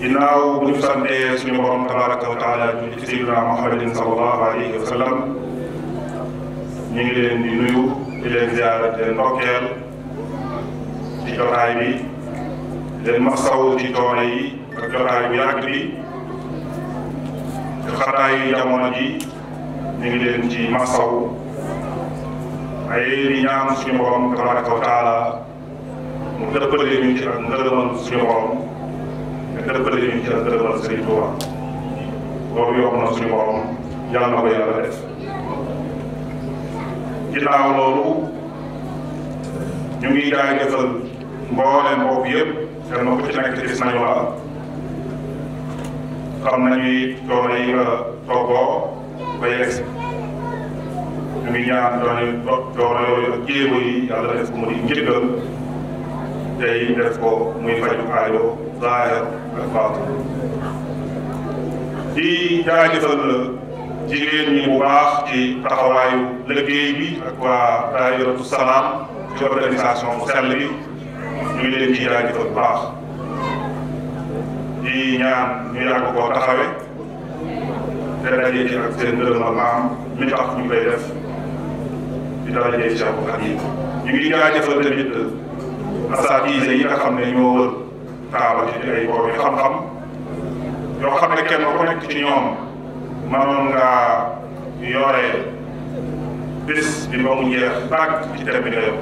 ginnaaw bu ñu santee suñu borom tabaraka wa taala julli ci sayyidina muhammadin sallallahu alayhi wa sallam ñu ngi leen di nuyu di leen ziara di leen ndokkeel ci jotaay bi di leen masaw ci coono yi ak jotaay bu yàgg bi ci xataayu jamono ji ñu ngi leen ci masaw ay di ñaan suñu borom tabaraka wa taala mu dëppale ñu ci ak ngërëmal suñu borom te dëppale ñu ci dëppal Serigne Touba loolu yomb na suñu borom yàlla na ko yàlla def ginnaaw loolu ñu ngi jaajëfal mbooleem bopp yëpp kenn ku ci nekk ci gis nañu la xam nañuy coono yi nga toggoo bay egsi ñu ngi ñaan coono coono yooyu ak jéego yi yàlla def ko mu di njëggal tey def ko muy faju aajo zaahir ak baatin di jaajëfal jigéen ñi bu baax ci taxawaayu liggéey bi waa daayiratu ci organisation bu sell bi leen ci jaajëfal bu baax di ñaan ñu yàgg koo taxawe te daje ci ak seen ndërëmal mi tax ñu koy def di darajee Cheikh Khadim ñu ngi jaajëfal tamit wër taabati di ay boobu xam-xam yoo xam ne kenn ku nekk ci ñoom mënoon ngaa yore bis bi ba mu jeex tàkk ci tamit réew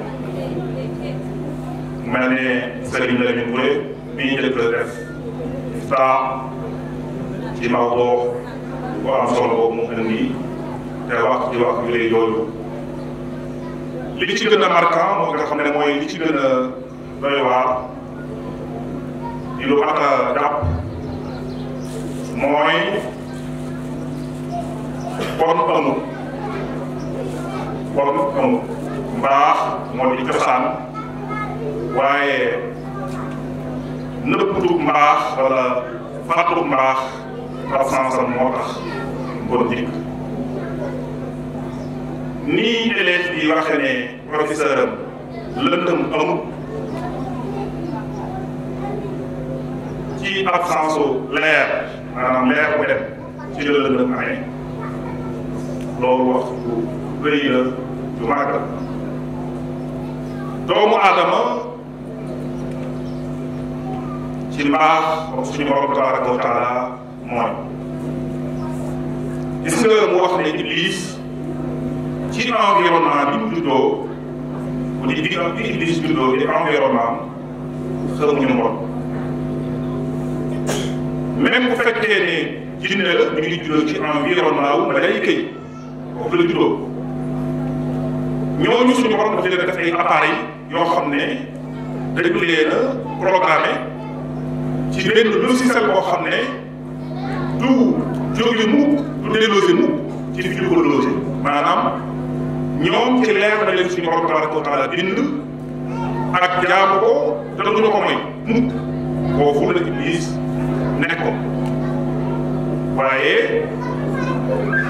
mel ne Serigne Lamine Touré bi ñu njëkk a def taa ci mawdoo bu solo boobu mu indi te wax wax yu lay yooyu li ci gën a mooy li ci gën a di lu mat a jàpp mooy bon amul bon amul mbaax moo di cosaan waaye nëbbu mbaax wala fàttu mbaax absence am moo tax bon dikk nii élève bi waxe ne professeur am lëndëm amul ci absence leer maanaam leer bu dem ci la lëndëm amee loolu wax bu rëy la du màgg doomu aadama ci mbaax ak suñu borom tabaraka wa taala mooy gis nga mu wax ne iblis ci environnement bi mu juddoo bu di bi iblis juddoo di environnement xamuñu moom même bu fekkee ne jinne la mi ngi juddoo ci environnement wu malayka yi foofu la juddoo ñooñu suñu borom dafa leen def ay appareils yoo xam ne dañu leen a programmé ci benn logiciel boo xam ne du jóge mukk du délogé mukk ci fi ñu maanaam ñoom ci leer na leen suñu borom tabaraka wa taala bind ak jaamu ko te ko moy mukk foofu la iblis ne ko waaye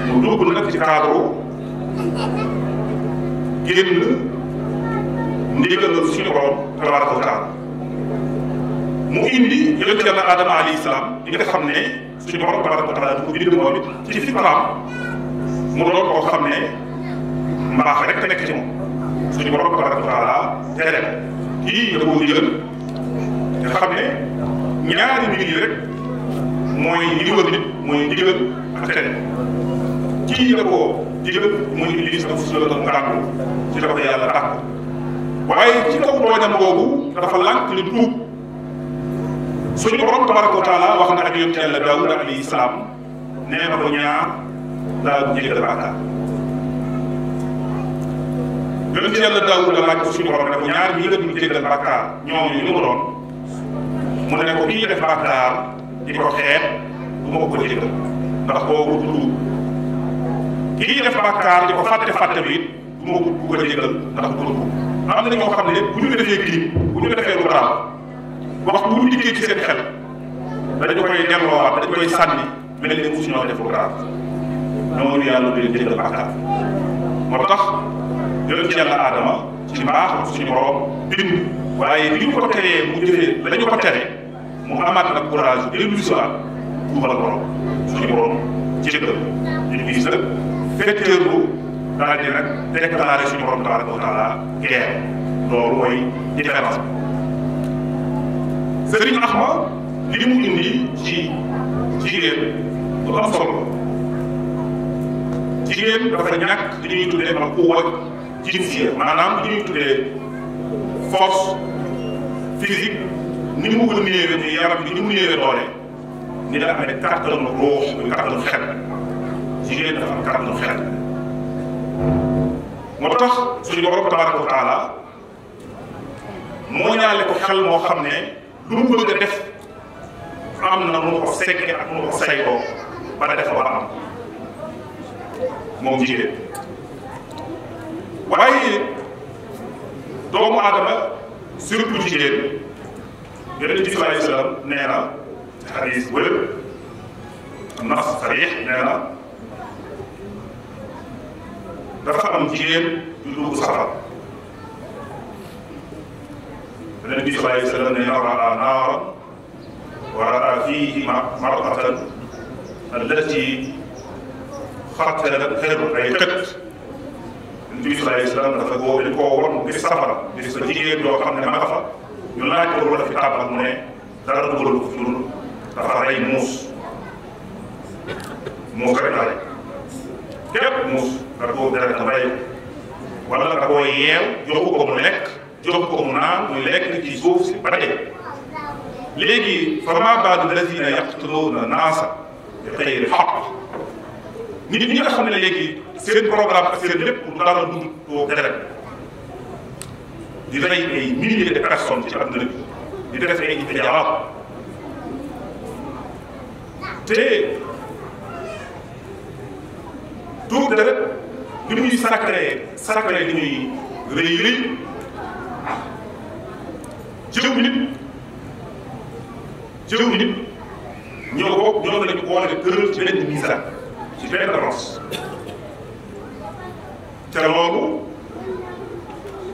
mu dugg nag ci cadre génn ndigalal suñu borom tabaraka taala mu indi yonent yàlla Adama alayhi salaam li nga xam ne suñu borom taala du ko bind mu doon xam ne mbaax rek nekk ci moom suñu borom taala tere kii da koo jël nga xam ne ñaari mbir yi rek. mooy ndigal nit mooy ndigal ak tere kii la ko digal muy Iblis ak su la doon tàggu ci la ko yàlla tàggu ak yonent yàlla Daawuda ko ñaar daa jégal bàkkaar yonent yàlla Daawuda laaj ko suñu borom ne ñaar ñii nga dul jégal bàkkaar ñoom ñu mu doon mu ne ko kii def bàkkaar di ko xeet bu ma ko ko jéggal ndax boobu du tuub kii def bàkkaar di ko fàtte fàtte bi it ko ko jéggal ndax du tuub am na ñoo xam ne bu ñu defee kii bu defee lu baax wax bu ñu dikkee dañu koy delloowaat dañu koy sànni mel ne mosu ñoo def lu baax noonu yàlla du leen jéggal bàkkaar moo tax yoon ci yàlla aadama ci waaye bi ñu ko teree mu jëfee la ko tere mu amaat nag courage dellu si waat tuubal borom suñu borom jéggal ñu gis nag fekkeerlu daal di nag déclaré suñu borom tabaraka wa taala guerre loolu mooy différence bi Sëriñ Axma li mu indi ci jigéen lu am jigéen dafa ñàkk li ñuy tuddee ak quwwa jinsiya maanaam li ñuy tuddee force physique ni ñu bëgg a mu néewee ni la amee kattanu ruux muy kattanu xel jigéen dafa am kattanu xel. moo tax suñu borom tabaraka wa taala moo ñaale ko xel moo xam ne lu mu am na nu moom jigéen waaye doomu aadama surtout jigéen. yonent bi sallallahu alayhi wa sallam nee na xadis wër nas sarix nee na dafa am jigéen ju dugg safar yonent bi sallallahu alayhi wa sallam nee na raa naaran wa raa fiihi mar'atan allati xattalat xerb ay xët yonent bi sallallahu alayhi wa sallam dafa koo dañ koo won bi safara gis nga jigéen doo xam ne ma nga fa ñu laaj ko lu la fi tàbbal mu ne dara dugal fi dul dafa rey muus muus rek la rey képp muus da koo deret na rey wala da koo yeew joxu ko mu lekk joxu ko mu naan muy lekk ci suuf si ba tey léegi fama baalu lazina yaqtuluuna naasa bi xayri xaq nit ñi nga xam ne léegi seen programme ak seen lépp du dara dund doo deret di rey ay milliers de personnes ci àdduna bi di def ay ijaaraat te tuur deret li muy sacré sacré li muy rëy rëy jëw nit jëw nit ñoo ko ñoo lañu boole tëral ci benn miisaan ci benn balance loolu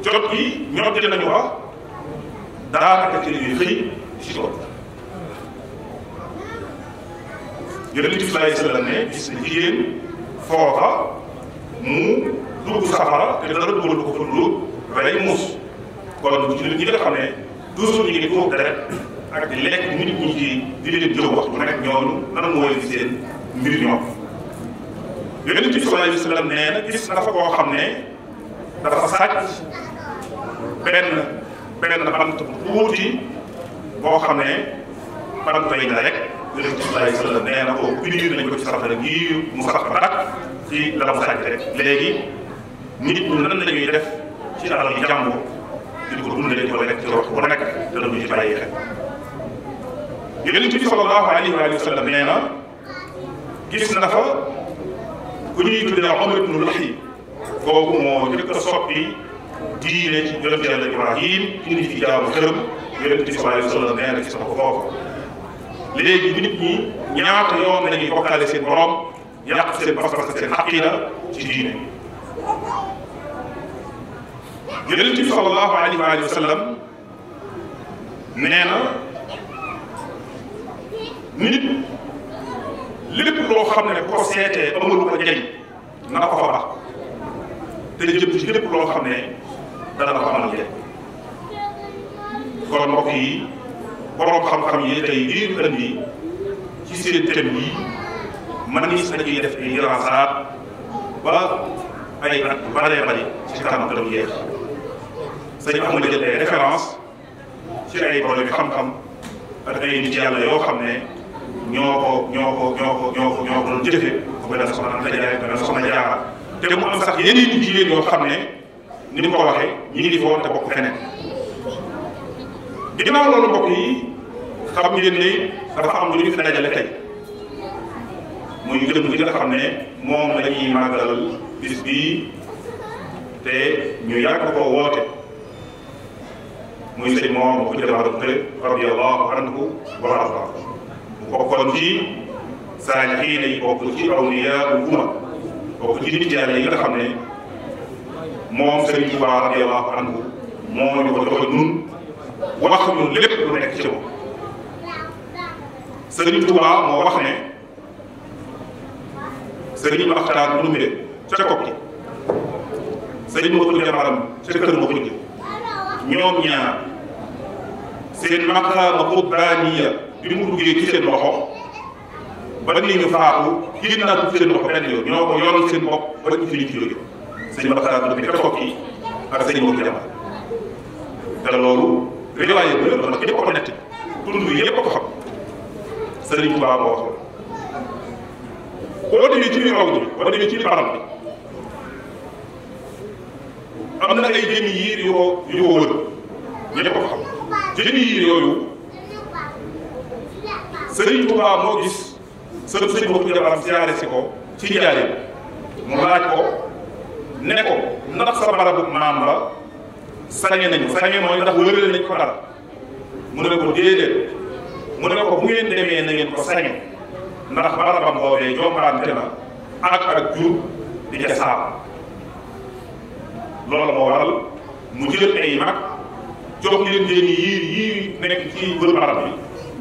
jot yi ñoo jël nañu wax daanaka ci li ñuy xëy si tool yonent bi sallallahu alayhi wa sallam ne gis na jigéen foofa mu dugg safara te dara dugal ko fa lu rey muus kon bu ci nit ñi nga xam ne toujours ñu ngi tuur deret ak di lekk nit ñi ci di leen jëw wax bu nekk ñooñu nan mooy li seen mbir ñoom yonent bi sallallahu alayhi wa sallam nee na gis na fa koo xam ne dafa sàcc benn benn bant bu boo xam ne bant yi la rek yonent bi sallallahu alayhi wa sallam nee na ko unir nañ ko ci safara gi mu sax ba tàkk ci la mu sàjjate léegi nit ñi nan la ñuy def ci alal yi jàmbur di ko dundalee di ko lekk ci waxtu bu nekk te duñu ci bàyyi xel yonent bi sallallahu alayhi wa sallam nee na gis na fa ku ñuy tuddee Omar ibnu Lahi kooku moo diine yonent yàlla Ibrahim indi fi jaamu këram yonent bi sallallahu alayhi wa sallam nee na gis na ko foofu léegi nit ñi ñaata yoon nañuy bokkaale seen borom yàq seen pas-pas seen aqida ci diine yonent bi sallallahu alayhi wa alihi wa sallam nee na nit lépp loo xam ne bu na ko fa bax te jëm ci lépp loo xam dana ma ko amal njëriñ kon mbokk yi borom xam-xam yi tey lii ñu indi ci seen thème yi man mii dañuy def ay diraasaat ba ay at yu bëree bëri ci kanam dama jeex sëñ am na jël ay référence ci ay borom xam-xam ak ay nit yàlla yoo xam ne ñoo ko ñoo ko ñoo ko ñoo ko ñoo ko doon jëfee bu mel ne soxna Anta Ndiaye bu mel ne soxna Diarra te mu am sax yeneen nit yi yoo xam ne. ni mu ko waxee ñu di te bokk feneen ginnaaw loolu mbokk yi xam ne dafa am lu ñu fi dajale muy jëm li nga xam ne moom la ñuy màggalal bis bii te ñu yàgg koo woote muy sëñ moom ku jëma rëkkale radiyallahu anhu wa arda mu bokkoon ci saalihiin yi bokk ci awliyaa umma bokk ci nit yàlla yi nga xam ne moom Serigne Touba radiyallahu anhu moo ñu ko jox ñun wax ñun lépp lu nekk ci moom Serigne Touba moo wax ne Serigne Makhtar Ndoumbé ca Kokki Serigne Modou Jamaram ca Kër Makhoudia ñoom ñaar seen maqaama qurbaaniya bi mu duggee ci seen loxo ba ni ñu faatu kii naatu seen loxo benn yoon ñoo ko yoral seen bopp ba ñu fi ñu ci jóge sëñ Makhtar Mbacké ca Kokki ak sëñ Mbour Jama te loolu riwaayé bu la ko ñëpp ko nett tund yi yëpp ko xam sëriñ Tuubaa moo wax boo demee ci biir aw ji boo demee ci biir barab bi am na ay jëmi yiir yu ko yu ko wër ñëpp a ko xam jëmi yiir yooyu sëriñ Tuubaa moo gis sëriñ sëriñ Mbour Jama siyaare si ko ci njaareem mu laaj ko. ne ko ndax sa barabu maam ba sañe nañu sañe mooy ndax wërale nañ ko dara mu ne ko déedéet mu ne ko bu ngeen demee na ngeen ko sañe ndax barabam boobee jombaante na moo waral mu jël ay mag jox leen leen yii yii nekk ci wër barab bi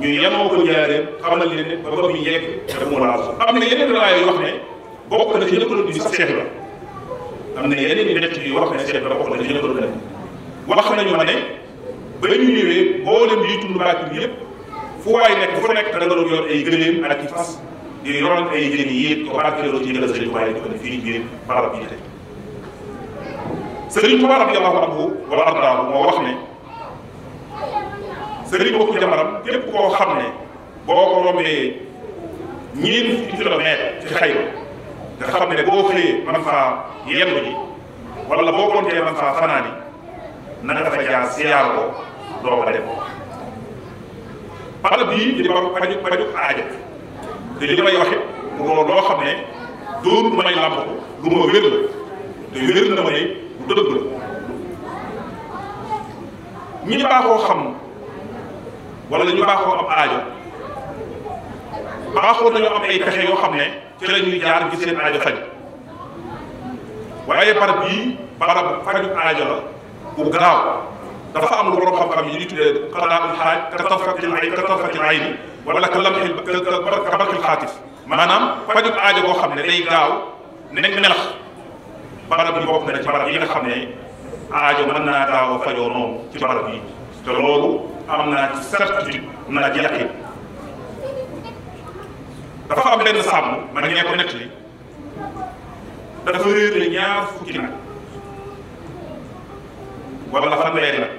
ñu yanoo ko jaareen xamal leen ne ba ba muy yegg dafa mu laal am na yeneen raaya yoo xam ne bokk na ci lëkkaloo bi sax seex la am na yeneen yu nekk yu wax ne seen bopp wax nañu ko wax nañu ma ne ba ñu ñëwee mboolem yi tund Mbàkke bi yëpp fu waay nekk fu nekk da nga doon yor ay gëléem ak i fas di yoroon ay jën yi ko barkeeloo ci gëlëm Sëriñ Tuubaa yi di ko ne fii biir barab bii tey. Sëriñ Tuubaa radiyallaahu anhu wa ardaahu moo wax ne sëriñ bokku jamaram képp koo xam ne boo ko rombee ñeent fukki kilomètre ci xayma. nga xam ne boo xëyee man faa yendu ji wala boo kontee man faa fanaani na nga fa jaar siyaar ko doo ko dem barab bii ba paju paju aajo te li may waxe moo loo xam ne doon may làmb lu ma wér la te wér na ma ne lu dëgg la ñi baaxoo xam wala ñu baaxoo am aajo baaxoo nañu am ay yoo xam ne ci la ñuy jaar gi seen aajo faj waaye barab bii barab faju aajo la bu gaaw dafa am lu borom xam-xam yi di tuddee xalaatul ka tarfatil ay ka tarfatil ay ni wala ka lamxil ka barkil xaatif boo xam ne day gaaw nekk melax barab bi bokk na ci barab yi nga xam ne aajo mën naa gaaw a fajoo noonu loolu am naa ci certitude naa ci yaqin dafa am benn sàmm man ñee ko nett li dafa réer ñaar fukki nag wala fanweeri nag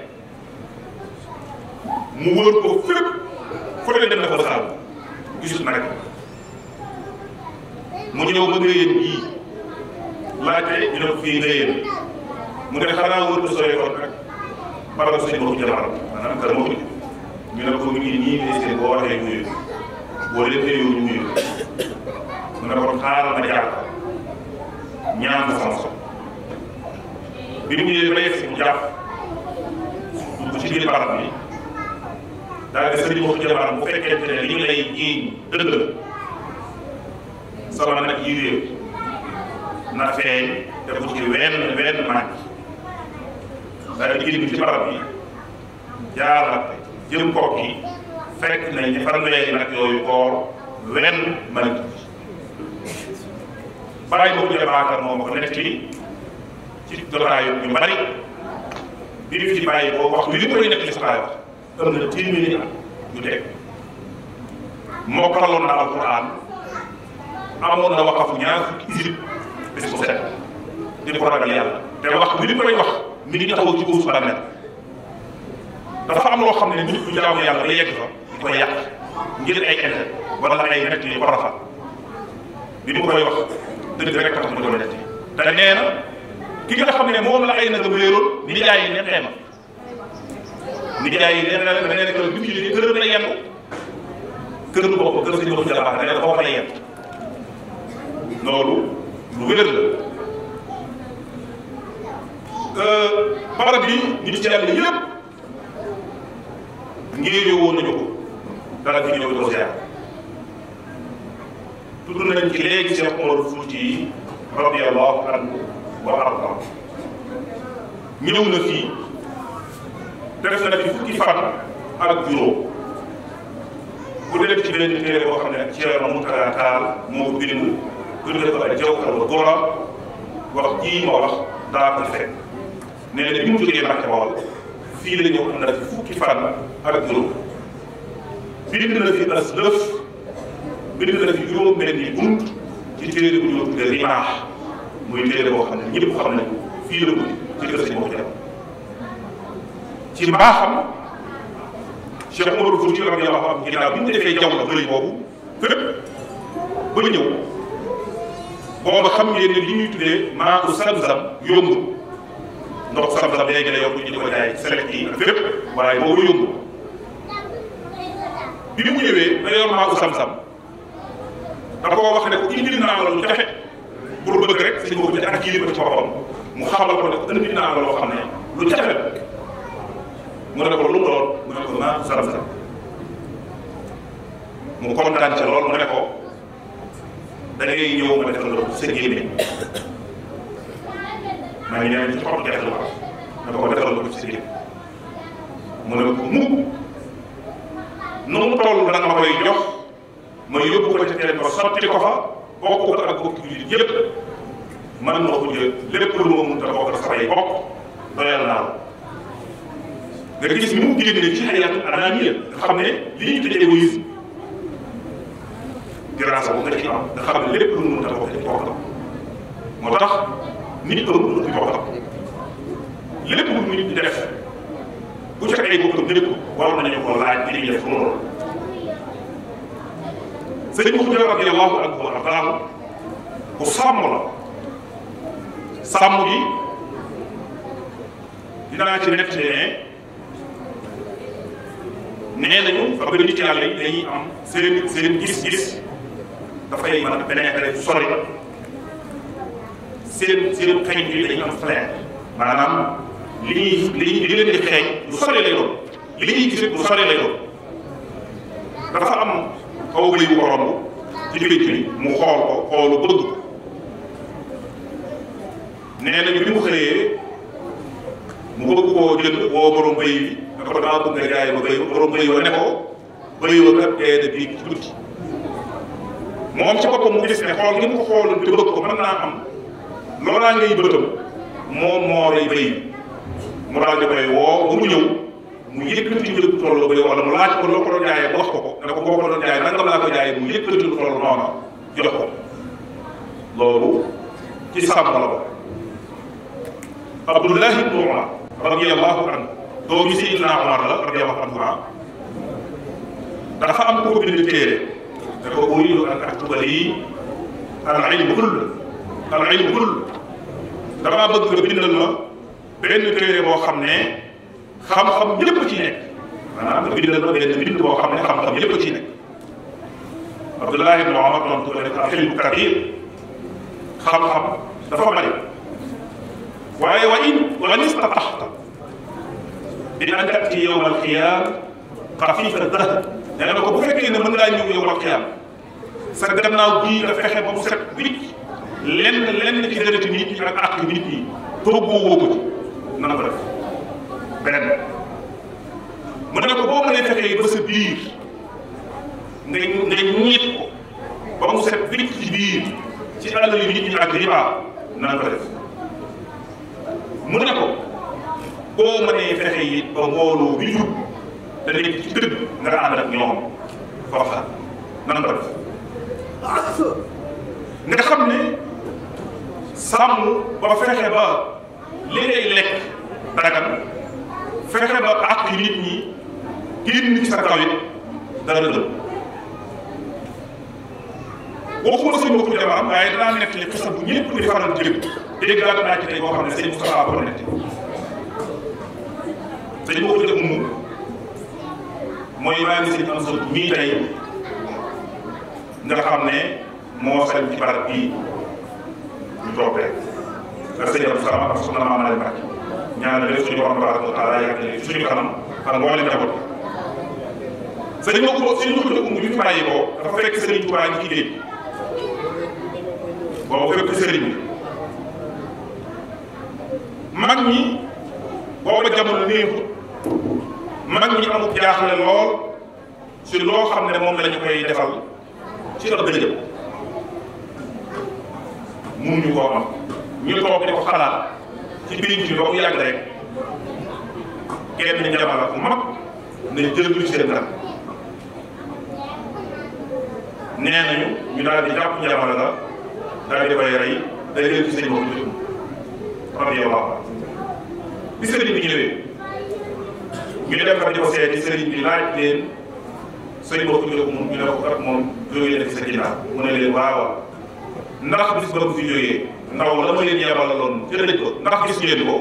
mu wóor ko fépp fu ne dem na ko ba sàmm gisul nag mu ñëw ba réyéen yii laajte ñu ne ko fii réyéen mu ne xanaa wóor ko sore kon nag barab seen waxu ñu ne ko ñu nii nii seen boo waxee ñu boo léppee yow ñu ngi yëngu mu ne kon xaaral ma jàpp ñaan ko sama soxla bi mu ñëwee ba yegg si mu jàpp dugg ci biir barab bi daal di sëriñ wax jabaram bu fekkente ne li ñu lay jiiñ dëgg la soxna nag yi réew na feeñ te bu ci wenn wenn màcc daal di génn ci barab bi jaarale jëm kook yi. fekk nañu fanweeri nag yooyu koor ren mën bàyyi boobu jabaakar moom ma ko netti ci jotaayu ñu bari bi ñu ci bàyyi ko waxtu yi koy nekk li saxaay wax am na téeméeri at ñu teg mokkaloon na alquran amoon na waqafu ñaar fukki wax bi li koy wax mi ngi taxaw ci góosu dafa am loo xam ne nit bu jaamu yàlla ba yegg fa ko yàq ngir ay intérêt wala ay nett yu ko rafet bi mu koy wax dëgg rek tax mu doon nett te nee na ki nga xam ne moom la ay nagam réeroon nijaay yi neen xeema nijaay yi neen na nee na kër bi mu jógee kër na foofa euh, ko dara fi ñëw di ko ziar tudd nañ ci léegi ñëw na fii def na fi fukki fan ak juróom bu dee ci benn téere boo xam ne Thierno Moutara Tall ko wax jii ma wax daa ko fekk nee na bi mu fii la ñëw am fi fukki fan ak juróom bind na fi as lëf bind na fi juróom-benni bunt ci téere bu ñu tuddee ribaax muy téere boo xam ne ñëpp xam nañ fii la ci kër sëñ Mokhtar ci mbaaxam Cheikh Oumar Fouti radiyallahu anhu ginnaaw bi ñu defee jaww la boobu fépp ba ñëw booba xam ngeen ne li ñuy tuddee maatu sam-sam yombul ndox sam-sam léegi la yomb bi mu ñëwee da yor maagu sam-sam da koo wax ne ko indil naa la lu jafe pour bëgg rek sëñ boobu ñu ak yéen ci boppam mu xamal ko ne ko indil naa la loo xam ne lu jafe la mu ne ko lu mu doon mu ne ko maagu sam-sam mu kontaan ca lool mu ne ko da ngay ñëw ma defal la sa génne maa ngi ñaan ci xottu jafe la ne ko defal la ko ci sa génne mu ne ko mukk nu mu toll nag ma koy jox ma yóbbu ko ca teen ba sotti ko fa bokk ko ak bokki jullit yëpp man ma ko jël lépp lu ma mun ta bokk samay bokk doyal naa nga gis ni mu génne ci xayaatu anaaniya nga xam ne li ñu tuddee égoïsme grâce bu nga ci am nga xam ne lépp lu mu mun ta bokk ci bokk moo tax nit amul lu mu bokk lépp lu nit di def bu joxe ay bokkam dëgg waroon nañu ko laaj li ñuy def loolu sëñ Muxtaar radiyallaahu anhu ardaahu ku sàmm la sàmm gi dinaa ci nett ne nee nañu fa ba nit yàlla yi dañuy am seen seen gis-gis dafay mën a beneen sori seen seen xeeñ bi dañuy am flair maanaam li ñuy li li leen di xeeñ lu sori lay doon li ñuy gis lu sori lay doon dafa am aw bëy ko romb ci pénc bi mu xool ko xoolu bëgg nee nañu bi mu xëyee mu bëgg koo jënd woo borom bëy bi da ko daa bëgg nga jaay ba bëy borom bëy wa ne ko bëy wa kat dee na bii ci guddi moom ci boppam mu gis ne xool gi mu ko xooloon te bëgg ko mën naa am loolaa ngay bëtam moom moo rey bëy mu daal di koy woo ba mu ñëw mu yëkkati njëg toll ba wala mu laaj ko loo ko doon jaayee mu wax ko ko ne ko boo ko doon jaayee nangam laa ko jaayee mu yëkkati lu toll noona jox ko loolu ci sàmm la ko Abdullahi ibnu Umar radiyallahu anhu doomi Seydina Umar la radiyallahu anhu dafa am ku ko bind téere da ko uriidu an aktuba lii al ilmu kull al ilmu kull damaa bëgg nga bindal ma benn téere boo xam ne xam-xam yëpp ci nekk maanaam nga bindal ma benn bind boo xam ne xam-xam yëpp ci nekk Abdullah ibn Omar tontu ko nekk al-ilmu kabir xam-xam dafa bari waaye wa in wa in istataxta bi an tati yowm alqiyam xafifa dahr nee na ko bu fekkee ne mën ngaa ñëw yowm alqiyam sa gannaaw gii nga fexe ba mu set wicc lenn lenn ci dërëti nit ñi ak àq nit ñi toggoo woo ko ci mën na ko def beneen mu ne ko boo mënee fexee ba sa biir nga nga ñiit ko ba mu set wicc ci biir ci alal yu nit ñi ak riba na ko def mu ne ko boo mënee fexe yi ba mbooloo bi jub da nekk ci dëgg nga ànd ak ñoom foofa nan ko def ah, nga xam ne sàmm ba fexe ba. li ngay lekk dagan fexe ba ak nit ñi génn ci sa kaw it dara dëpp waxuma sëñ Mokku Jamaam waaye danaa nekk li xisa bu ñëpp di faral di xam ne sëñ Moustapha boo nekk mu mooy maa ngi sëñ am sot mii nga xam ne moo sañ ci bii ñu toog rek ak sëñ Abdou Samad ak soxna Maama Lay Mbacke ñaanal leen suñu borom tabaraka wa taala yàgg na suñu kanam ak mboolem njaboot sëñ ma ko sëñ ma ko ñu fi bàyyi ko dafa fekk sëriñ Tuubaa ngi ci géej boo fekk sëriñ bi mag ñi booba jamono néexut mag ñi amut jaaxle lool si loo xam ne moom la ñu koy defal ci la gën a jëm mënuñu koo am ñu toog di ko xalaat ci pénc bi ba mu yàgg rek kenn njabala ku mag ne jël lu seen nag nee nañu ñu daal di jàpp njabala la daal di koy rey day leen gis ne moom itam xam yow waaw bi sëriñ bi ñëwee ñu dem fa di ko seeti sëriñ bi laaj leen sëriñ boo ko jóge moom ñu ne ko kat moom jógee na fi sa ginnaaw mu ne leen waaw ndax bis ba bu fi jógee. ndaw la ma leen yebalaloon ca dëj ba ndax gis ngeen ko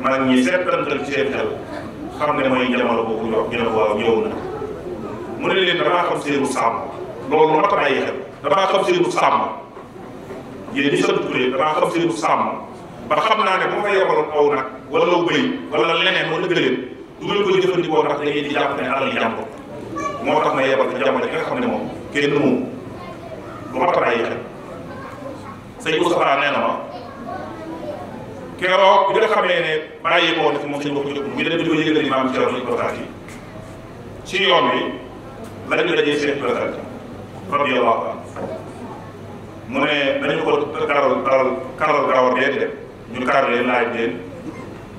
mag ñi seetantal ci seen xel xam ne mooy jamono boobu ñu wax ñu ne ko waaw ñëw ne leen damaa xam seenu sàmm loolu a xam naa ne bu ma fa yebaloon aw nag wala bëy wala leneen wala gëléem du ngeen koy jëfandikoo ndax da ne moo tax ma yebal ko jamono ji xam ne moom kenn moom lu mat a bàyyi xel sëñ Moustapha nee na ma keroog bi nga xamee ne bàyyi ko woon fi moom ngi dem di ko yëgal imaam Thierno Ibrahima ci yoon wi la ñu dajee Cheikh Ibrahima radiyallahu ko karal karal karal gaawar dee di ñu kar leen laaj leen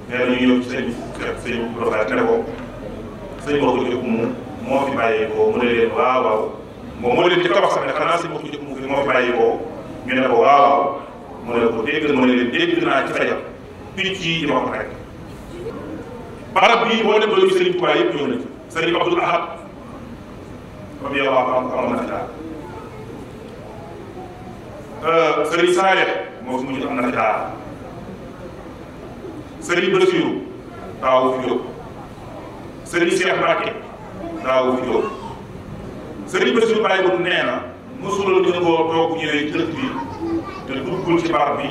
nee na ñu ñëw ci sëñ sëñ Ibrahima ne ko sëñ moo fi bàyyeekoo mu ko ñu ne ko waaw mu ne ko dégg mu ne dégg naa ci fajar picc yi dama ko rek barab bii boo dem ba gis Serigne Touba yëpp ñëw na ci Serigne Abdoul Ahad radiyallahu anhu amoon na ci daal euh, Serigne Saalih moo fi mujj am na ci daal Serigne Bassirou daawu fi jóg Serigne Cheikh Mbacke daawu fi jóg Serigne Bassirou Baye bu nee mosuloo gën koo toog ñëwee dëkk bi te duggul ci barab bi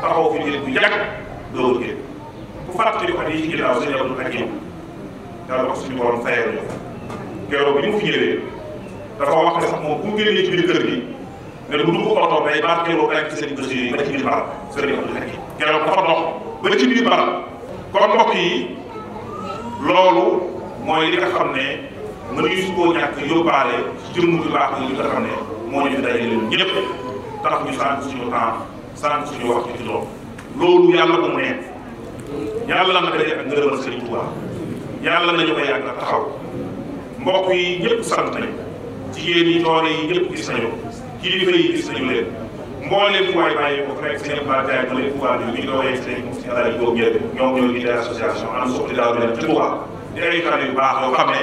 taxaw fi njëkk bu doo génn ku fàttali at yi ci ginnaaw sëñ Abdou Hakim yàlla wax suñu borom bi mu fi ñëwee gi ne bu dugg oto day barkeeloo rek ci seen dossier yi ba ci biir barab sëñ Abdou keroog dafa dox ba ci biir barab kon mbokk yi loolu mooy li xam ne mënuñu su koo ñàkk yóbbaale ci jëmm ju baax xam ne moo ñu fi dajale ñun ñëpp tax ñu sànq suñu temps sànq suñu wax ci toog loolu yàlla ko mu ne yàlla na daje ak ngërëmal Sëriñ Tuubaa yàlla nañu ko yàgg a taxaw mbokk yi ñëpp sant nañ jigéen yi toole yi ñëpp gis nañu kilifa yi gis nañu leen mboolem waay bàyyi ko fekk seen bataay mu leen pouvoir bi ñu dooree seen si alal yi ñebe ñoom ñoo ngi association am soxla daaw bi leen ci Tuubaa di baax yoo xam ne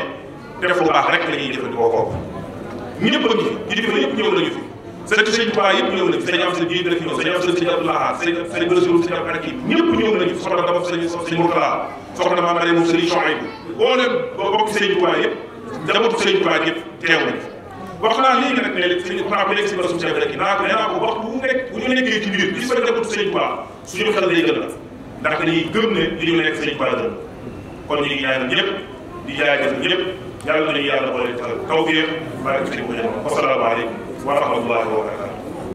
def baax rek la ñuy jëfandikoo kooku ñëpp ngi fi kilifa yëpp ñëw nañu fi sëñ sëñ Tuubaa yëpp ñëw nañu fi sëñ Amsa bii dina fi ñëw sëñ Amsa sëñ Abdou Lahad sëñ sëñ Basiru sëñ Abdou Hakim ñëpp ñëw nañu fi soxna Daba naa léegi nag ko léegi si bala suñu sëñ rek naa ko nee naa ko waxtu bu nekk bu ñu nekkee ci biir gis fa njabootu sëñ Tuubaa suñu xel gën ne li ñu nekk sëñ Tuubaa yàlla nañu yàlla boole taw tawfiq barke ci mu ne ma asalaamaaleykum wa rahmatullahi wa barakatu